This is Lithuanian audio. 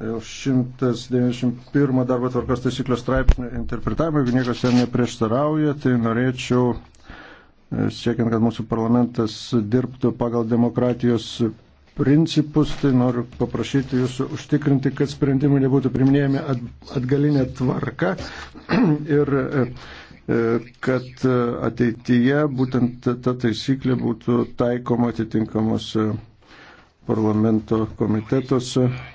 191 darbo tvarkos taisyklio straipsnio interpretavimą, jeigu niekas jam neprieštarauja, tai norėčiau, e, siekiant, kad mūsų parlamentas dirbtų pagal demokratijos principus, tai noriu paprašyti jūsų užtikrinti, kad sprendimai nebūtų priminėjami atgalinė tvarka ir e, e, kad ateityje būtent ta taisyklė būtų taikoma atitinkamuose parlamento komitetuose